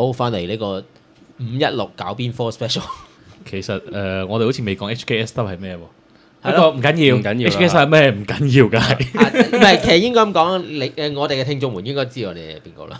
好，o 翻嚟呢個五一六搞邊科 special？其實誒、 呃，我哋好似未講 HKS 都係咩喎？一個唔緊要，唔緊要。HKS 係咩？唔緊要嘅係，唔係、 啊、其實應該咁講，你誒、呃、我哋嘅聽眾們應該知我哋係邊個啦。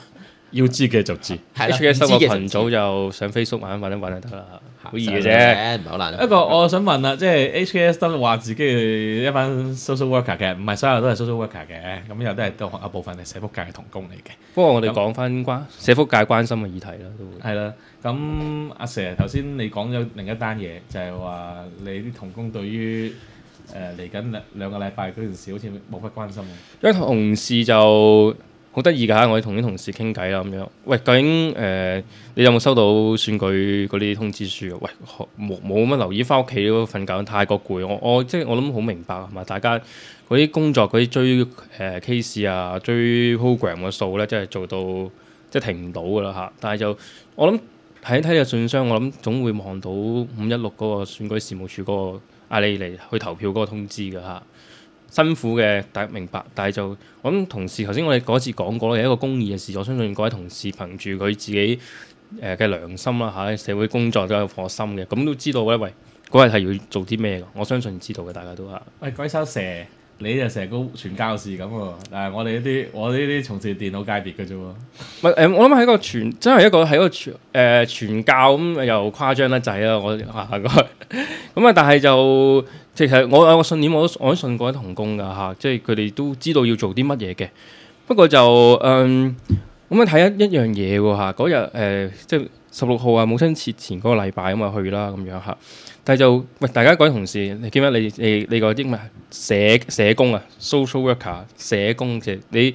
要知嘅就知，HKS 嘅對、嗯、群組就上 Facebook 揾一揾一揾就得啦，好易嘅啫，唔好難。不過我想問啦，即、就、係、是、HKS 都話自己係一班 social worker 嘅，唔係所有都係 social worker 嘅，咁又都係一部分係社福界嘅同工嚟嘅。不過我哋講翻關社福界關心嘅議題啦，都會。係啦那，咁阿蛇頭先你講咗另一單嘢，就係、是、話你啲同工對於誒嚟緊兩兩個禮拜嗰件事，好似冇乜關心。啲同事就。好得意㗎，我哋同啲同事傾偈啦咁樣。喂，究竟誒、呃、你有冇收到選舉嗰啲通知書啊？喂，冇冇乜留意？翻屋企都瞓覺，太過攰。我我即係我諗好明白，同埋大家嗰啲工作嗰啲追誒 case 啊、追 program 嘅數咧，即係做到即係停唔到㗎啦嚇。但係就我諗睇睇個信箱，我諗總會望到五一六嗰個選舉事務處嗰、個阿李嚟去投票嗰個通知㗎嚇。辛苦嘅，大家明白，但係就我諗同事頭先我哋嗰次講過，係一個公義嘅事。我相信各位同事憑住佢自己誒嘅、呃、良心啦，喺、啊、社會工作都有顆心嘅。咁都知道嘅，喂，嗰日係要做啲咩嘅？我相信知道嘅，大家都嚇。喂、哎，鬼手蛇，你就成個傳教士咁喎！誒，我哋呢啲，我呢啲從事電腦界別嘅啫喎。我諗喺個傳，真係一個喺個傳誒、呃、教咁又誇張得滯啦！我下個咁啊，但係就。其實我有個信念，我都我都信嗰啲同工噶嚇、啊，即係佢哋都知道要做啲乜嘢嘅。不過就嗯，咁樣睇一一樣嘢喎嚇。嗰日誒，即係十六號啊，母親節前嗰個禮拜咁、嗯、啊去啦咁樣嚇。但係就喂，大家嗰啲同事，你記唔記得你你你個英文社社工啊？Social worker 社工嘅你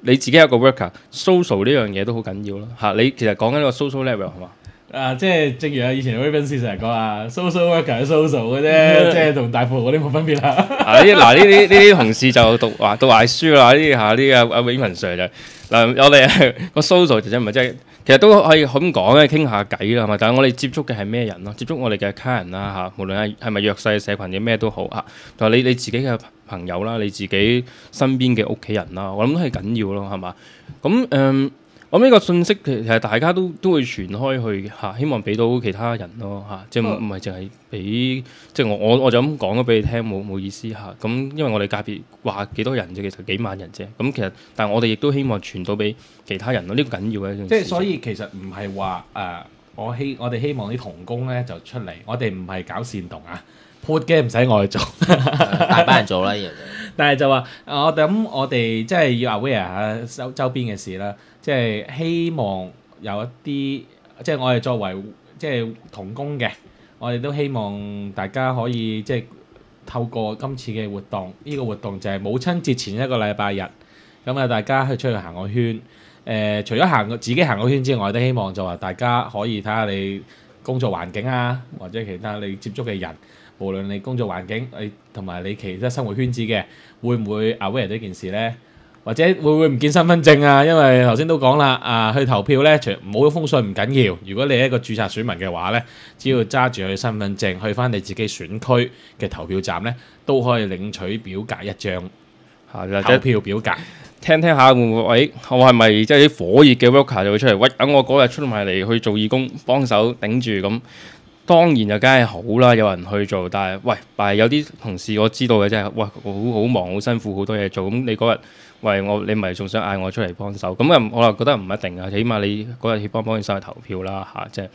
你自己有個 worker，social 呢樣嘢都好緊要咯嚇、啊。你其實講緊呢個 social level 係嘛？啊，即係正如 say, 啊，以前 William Sir 成日講啊，social worker 係 social 嘅啫，即係同大富豪嗰啲冇分別啦。嗱呢啲呢啲同事就讀話讀壞書啦，呢下呢個啊 William Sir 就嗱、是啊，我哋個 social 其實唔係即係，其實都可以咁講嘅，傾下偈啦，係嘛？但係我哋接觸嘅係咩人咯？接觸我哋嘅客人啦，嚇、啊，無論係咪弱勢社群，嘅咩都好嚇。但、啊、係你你自己嘅朋友啦，你自己身邊嘅屋企人啦，我諗都係緊要咯，係嘛？咁誒。嗯我呢個信息其實大家都都會傳開去嚇，希望俾到其他人咯，嚇，即係唔係淨係俾即係我我我就咁講咗俾你聽冇冇意思嚇？咁因為我哋界別話幾多人啫，其實幾萬人啫。咁其實但係我哋亦都希望傳到俾其他人咯，呢個緊要嘅一樣。即係所以其實唔係話誒，我希我哋希望啲童工咧就出嚟，我哋唔係搞煽動啊，po 唔使我去做，大班人做啦嘢。但係就話，我諗、嗯、我哋即係要 aware 下周周邊嘅事啦，即係希望有一啲，即係我哋作為即係童工嘅，我哋都希望大家可以即係透過今次嘅活動，呢、這個活動就係母親節前一個禮拜日，咁、嗯、啊大家去出去行個圈，誒、呃、除咗行自己行個圈之外，都希望就話大家可以睇下你。工作環境啊，或者其他你接觸嘅人，無論你工作環境，你同埋你其他生活圈子嘅，會唔會 aware 呢件事呢？或者會唔會唔見身份證啊？因為頭先都講啦，啊去投票呢，除冇封信唔緊要，如果你係一個註冊選民嘅話呢，只要揸住佢身份證去返你自己選區嘅投票站呢，都可以領取表格一張。即投票表格，聽聽下會唔會？喂、哎，我係咪即係啲火熱嘅 worker 就會出嚟？喂，等我嗰日出埋嚟去做義工，幫手頂住咁。當然就梗係好啦，有人去做。但係，喂，但係有啲同事我知道嘅即係。喂，好好忙，好辛苦，好多嘢做。咁你嗰日，喂我，你咪仲想嗌我出嚟幫手？咁啊，我又覺得唔一定啊。起碼你嗰日幫幫手去投票啦，吓、啊，即係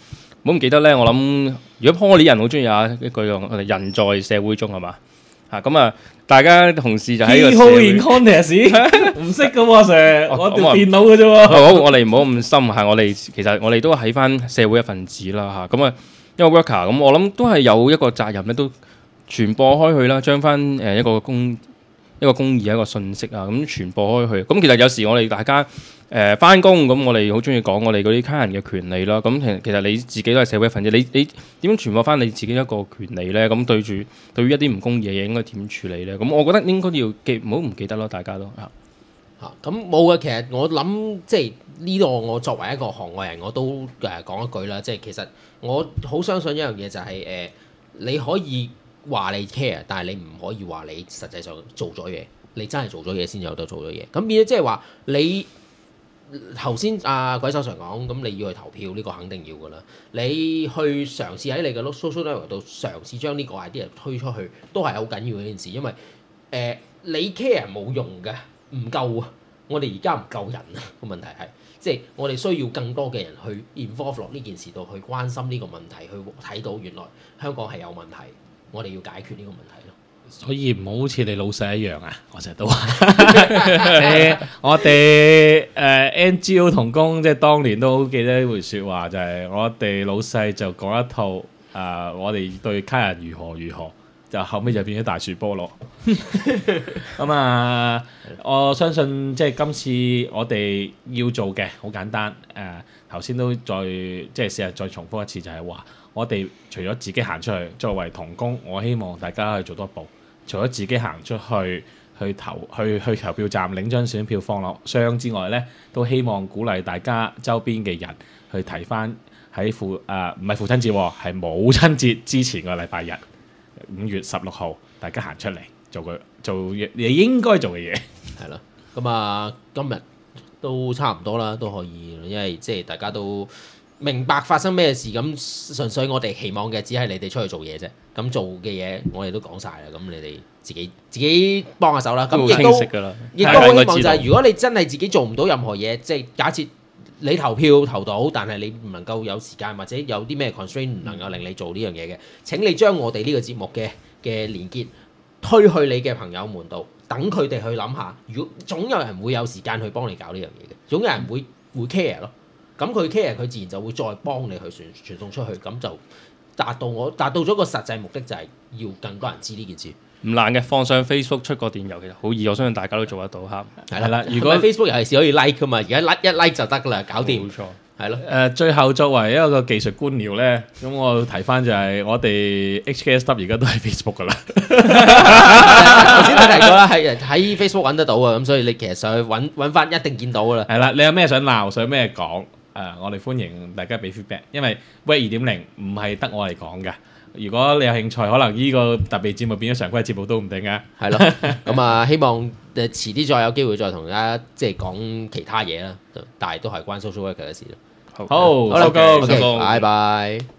好唔記得咧。我諗如果 Poly 人好中意啊，一句話，人在社會中係嘛？嚇咁啊！大家同事就喺個社會，唔識嘅喎，成日 我調電腦嘅啫喎。我哋唔好咁深下、啊，我哋其實我哋都喺翻社會一份子啦嚇。咁啊，一、啊、為 worker 咁，我諗都係有一個責任咧，都傳播開去啦，將翻誒一個公一個公義一個信息啊，咁傳播開去。咁、啊、其實有時我哋大家。誒翻工咁，我哋好中意講我哋嗰啲卡人嘅權利咯。咁其實其實你自己都係社會份子，你你點樣傳播翻你自己一個權利呢？咁、嗯、對住對於一啲唔公義嘅嘢，應該點處理呢？咁、嗯、我覺得應該要記，唔好唔記得咯，大家都嚇咁冇嘅，其實我諗即係呢度我作為一個行外人，我都誒講一句啦。即係其實我好相信一樣嘢、就是，就係誒你可以話你 care，但係你唔可以話你實際上做咗嘢。你真係做咗嘢先有得做咗嘢。咁變咗即係話你。頭先啊鬼手相講，咁你要去投票呢、這個肯定要噶啦。你去嘗試喺你嘅 local level 度嘗試將呢個 idea 推出去，都係好緊要嘅一件事。因為誒、呃、你 care 冇用㗎，唔夠啊！我哋而家唔夠人啊個 問題係，即、就、係、是、我哋需要更多嘅人去 involve 落呢件事度去關心呢個問題，去睇到原來香港係有問題，我哋要解決呢個問題咯。所以唔好好似你老細一樣啊！我成日都話，我哋誒 NGO 同工即係當年都好記得呢回說話，就係我哋老細就講一套誒，我哋對客人如何如何，就後尾就變咗大樹菠蘿。咁啊，我相信即係、就是、今次我哋要做嘅好簡單誒，頭、呃、先都再即係成日再重複一次，就係、是、話我哋除咗自己行出去作為同工，我希望大家去做多一步。除咗自己行出去去投去去投票站領張選票放落箱之外呢，都希望鼓勵大家周邊嘅人去提翻喺父啊，唔係父親節喎，係母親節之前嘅禮拜日，五月十六號，大家行出嚟做個做應應該做嘅嘢，係咯。咁啊，今日都差唔多啦，都可以，因為即係大家都。明白發生咩事咁，純粹我哋期望嘅只係你哋出去做嘢啫。咁做嘅嘢我哋都講晒啦。咁你哋自己自己幫下手啦。咁亦都亦都，都可以希望就係，如果你真係自己做唔到任何嘢，即係假設你投票投到，但係你唔能夠有時間或者有啲咩 constraint 唔能夠令你做呢樣嘢嘅，嗯、請你將我哋呢個節目嘅嘅連結推去你嘅朋友們度，等佢哋去諗下。如果總有人會有時間去幫你搞呢樣嘢嘅，總有人會、嗯、會 care 咯。咁佢 care 佢自然就會再幫你去傳傳送出去，咁就達到我達到咗個實際目的，就係要更多人知呢件事。唔難嘅，放上 Facebook 出個電郵其實好易，我相信大家都做得到嚇。係啦了，如果 Facebook 尤其是可以 like 噶嘛，而家 like 一 like 就得噶啦，搞掂。冇錯，係咯了。誒、呃，最後作為一個技術官僚咧，咁我提翻就係我哋 HKSW 而家都喺 Facebook 噶啦。頭先提過啦，係喺 Facebook 揾得到啊，咁所以你其實上去揾揾翻一定見到噶啦。係啦，你有咩想鬧？想咩講？誒，uh, 我哋歡迎大家俾 feedback，因為 Wave 二點零唔係得我嚟講嘅。如果你有興趣，可能呢個特別節目變咗常規節目都唔定嘅，係 咯。咁、嗯、啊，希望誒、呃、遲啲再有機會再同大家即係講其他嘢啦，但係都係關 social work 嘅事咯。好，好，拜拜。